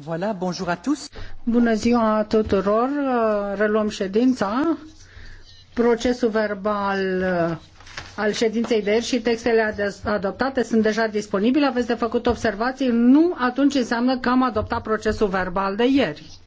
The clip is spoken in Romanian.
Voilà, bonjour à tous. Bună ziua tuturor, reluăm ședința. Procesul verbal uh, al ședinței de ieri și textele adoptate sunt deja disponibile. Aveți de făcut observații? Nu, atunci înseamnă că am adoptat procesul verbal de ieri.